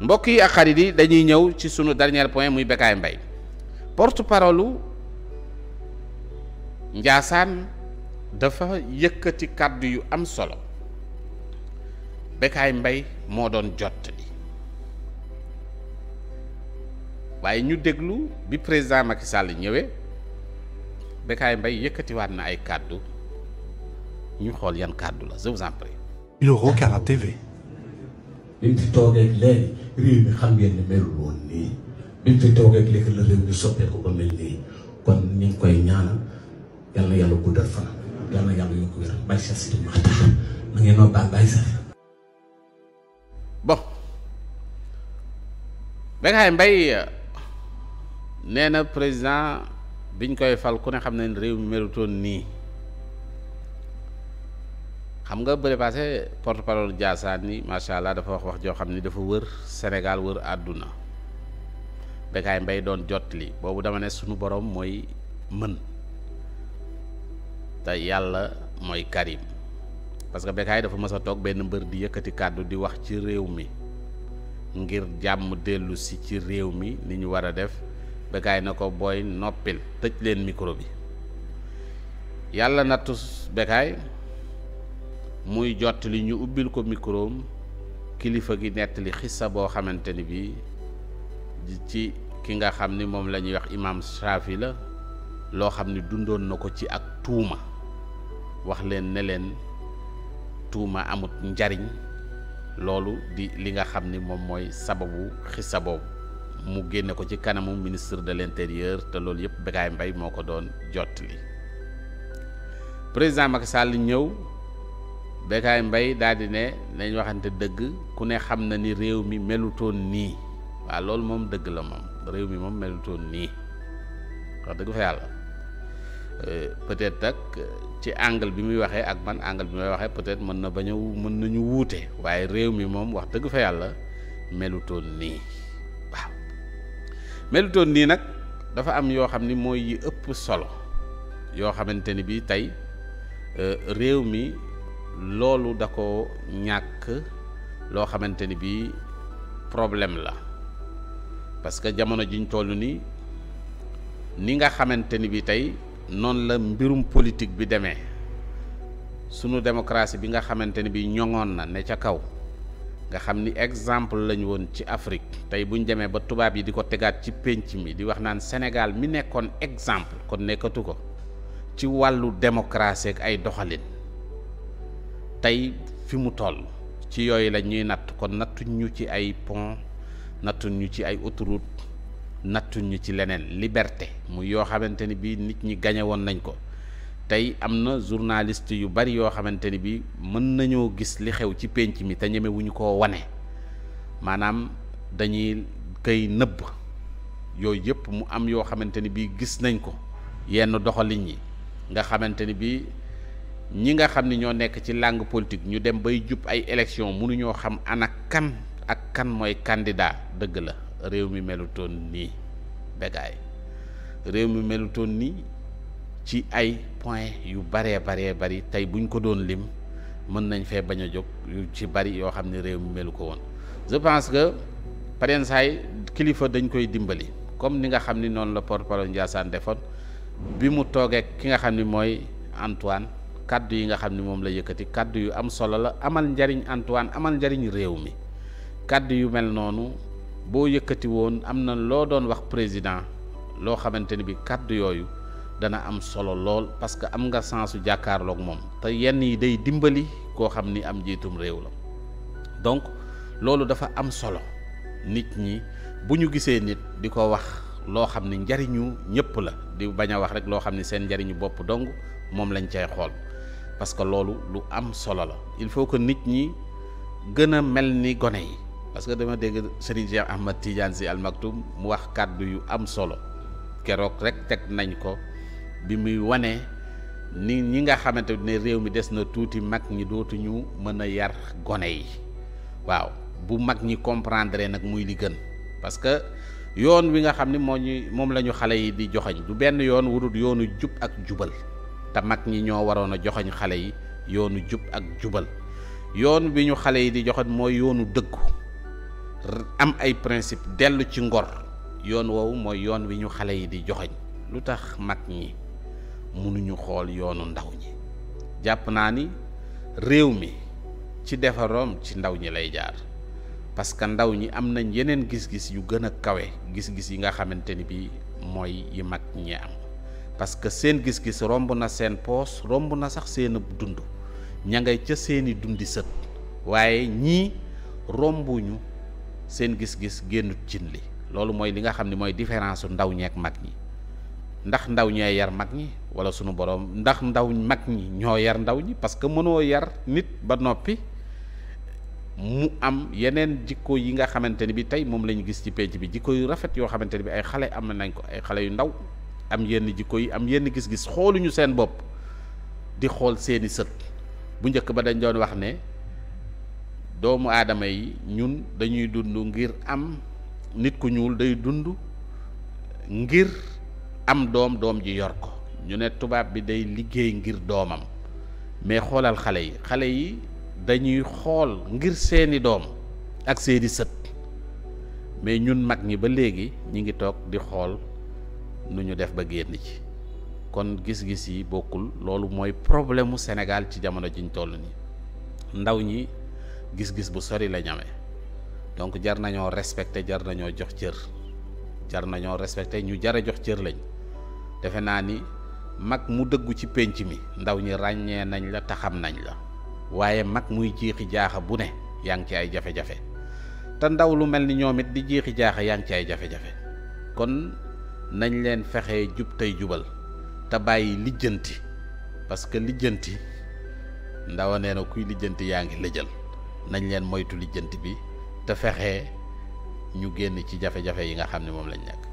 mbokk yi ak xarit yi dañuy ñëw ci sunu dernier point muy Bécaye mbay porte parole Njaasaan dafa yëkkati kàddu yu am solo Bécaye mbay moo doon jot li waaye ñu déglu bi président Macky Sall ñëwee Bécaye mbay yëkkatiwaat na ay kàddu ñu xool yan kàddu la je bi mu fi toogeeg léegi réew mi xam ngeen ne melul woon nii bi fi toogeeg léegi la réew mi ko ba mel nii kon ñu ngi koy ñaanal yal na yàlla guddal fan yal na yàlla yokk wér bàyyi sa si ma na ngeen noo baal bàyyi sa bon Bécaye Mbaye nee président biñ koy fal ku ne xam ne réew mi melutoon nii xam nga bële passé porte parole Ndiassane ni macha allah dafa wax wax joo xam ni dafa wër Sénégal wër àdduna Bécaye Mbaye doon jot li boobu dama ne sunu boroom mooy mën te yàlla mooy Karim parce que Bécaye dafa mës a toog benn mbër di yëkkati kàddu di wax ci réew mi ngir jàmm dellu si ci réew mi ni ñu war a def Bécaye na ko booy noppil tëj leen micro bi yàlla nattu Bécaye muy li ñu ubbil ko microom kilifa gi nettali xissa boo xamante ni bii ci ki nga xam ni moom lañuy wax imaam Shaafi la loo xam ni dundoon na ko ci ak tuuma wax leen ne leen tuuma amut njariñ loolu di li nga xam ni moom mooy sababu xissa boobu mu génne ko ci kanamu ministre de l'intérieur te loolu yëpp Bécaye mbay moo ko doon jottali président Macky Sall ñëw. Bécaye mbay daal di ne nañ waxante dëgg ku ne xam na ni réew mi melutoon nii waaw loolu moom dëgg la moom réew mi moom melutoon nii wax dëgg fa yàlla euh, peut-être nag ci angle bi muy waxee ak man angle bi may waxee peut-être mën na bañ mën nañu wuute waaye réew mi moom wax dëgg fa yàlla melutoon nii waaw melutoon nii nag dafa am yoo xam ni mooy yi ëpp solo yoo xamante ni bi tey euh, réew mi. loolu da ko ñàkk loo xamante ni bii problème la parce que jamono jiñ toll ni ni nga xamante ni bii tey noonu la mbirum politique bi demee sunu démocratie bi nga xamante ni bii ñoŋoon na ne ca kaw nga xam ni exemple lañ woon ci Afrique tey bu ñu demee ba tubaab yi di ko tegaat ci pénc mi di wax naan Sénégal mi nekkoon exemple kon nekkatu ko ci wàllu démocratie ak ay doxalin. tey fi mu toll ci yooyu la ñuy natt kon nattuñ ñu ci ay pont nattuñu ci ay autoroute nattuñu ci leneen liberté mu yoo xamante ni bii nit ñi gañe nañ ko tey am na journaliste yu bari yoo xamante ni bii mën nañoo gis li xew ci pénc mi te ñeme ko wane maanaam dañuy koy nëbb yooyu yëpp mu am yoo xamante ni bii gis nañ ko yenn doxalin yi nga xamante ni ñi nga xam ni ñoo nekk ci langue politique ñu dem bay jub ay élection mënuñoo xam ana kan ak kan mooy candidat dëgg la réew mi melutoon nii bégaay réew mi melutoon nii ci ay point yu baree baree bari tey buñ ko doon lim mën nañ fee bañ a jóg yu ci bari yoo xam ne réew mi melu ko woon je pense que parensaay kilifa dañ koy dimbali comme ni nga xam ni noonu la porte-parole Ndiassane defoon bi mu toogee ki nga xam ni mooy Antoine kàddu yi nga xam ni moom la yëkkati kàddu yu am solo la amal njariñ Antoine amal njariñ réew mi kàddu yu mel noonu boo yëkkati woon am na loo doon wax président loo xamante ni bi kàddu yooyu dana am solo lool parce que am nga sensu jàkkaarlook moom te yenn yi day dimbali koo xam ni am njiitum réew la donc loolu dafa am solo nit ñi bu ñu gisee nit di ko wax loo xam ni njariñu ñëpp la di bañ a wax rek loo xam ni seen njariñu bopp dong moom lañ cay xool parce que loolu lu am solo la il faut que nit ñi gën a mel ni gone yi parce que dama dégg Serigne Cheikh Ahmad Tidiane Sy Al mu wax kàddu yu am solo keroog rek teg nañ ko bi muy wane ni ñi nga xamante ne réew mi des na tuuti mag ñi dootuñu mën a yar gone yi waaw bu mag ñi comprendre nag muy di gën parce que yoon wi nga xam ni moo moom la ñu xale yi di joxañ du benn yoon wurut yoonu jub ak jubal te mag ñi ñoo waroon a joxoñ xale yi yoonu jub ak jubal yoon wi ñu xale yi di joxoon mooy yoonu dëggu am ay principe dellu ci ngor yoon woowu mooy yoon wi ñu xale yi di joxoñ lu tax mag ñi mënuñu xool yoonu ndaw ñi jàpp naa ni réew mi ci defaroom ci ndaw ñi lay jaar parce que ndaw ñi am nañ yeneen gis-gis yu gën a kawe gis-gis yi nga xamante ni bii mooy yi mag ñi am parce que seen gis-gis romb na seen poos romb na sax seen dund ña ngay ca seeni dundi sët waaye ñii rombuñu seen gis-gis génnut cin li loolu mooy li nga xam ne mooy différence ndaw ñeek mag ñi ndax ndaw ñee yar mag ñi wala sunu borom ndax ndaw mag ñi ñoo yar ndaw ñi parce que mënoo yar nit ba noppi mu am yeneen jikko yi nga xamante ni bi tey moom lañu gis ci pénc bi jikko yu rafet yoo xamante ni bi ay xale am na nañ ko ay xale yu ndaw am yenn jikko yi am yenn gis-gis xooluñu seen bopp di xool seeni sët bu njëkk ba dañ doon wax ne doomu aadama yi ñun dañuy dund ngir am nit ku ñuul day dund ngir am doom doom ji yor ko ñu ne tubaab bi day liggéey ngir doomam mais xoolal xale yi xale yi dañuy xool ngir seeni doom ak seeni sët mais ñun mag ñi ba léegi ñi ngi toog di xool nu ñu def ba génn ci kon gis-gis yi bokkul loolu mooy problème mu Sénégal ci jamono jiñ toll nii ndaw ñi gis-gis bu sori la ñame donc jar nañoo respecté jar nañoo jox cër jar nañoo respecté ñu jara jox cër lañ defe naa ni mag mu dëggu ci pénc mi ndaw ñi ràññee nañ la taxam nañ la waaye mag muy jiixi jaaxa bu ne yaa ngi ci ay jafe-jafe te ndaw lu mel ni ñoom it di jiixi jaaxa yaa ngi ci ay jafe-jafe kon nañ leen fexe jub tey jubal te bàyyi lijjanti parce que lijjanti ndawa nee na kuy lijjanti yaa ngi lëjal nañ leen moytu lijjanti bi te fexe ñu génn ci jafe-jafe yi nga xam ne moom lañ nekk.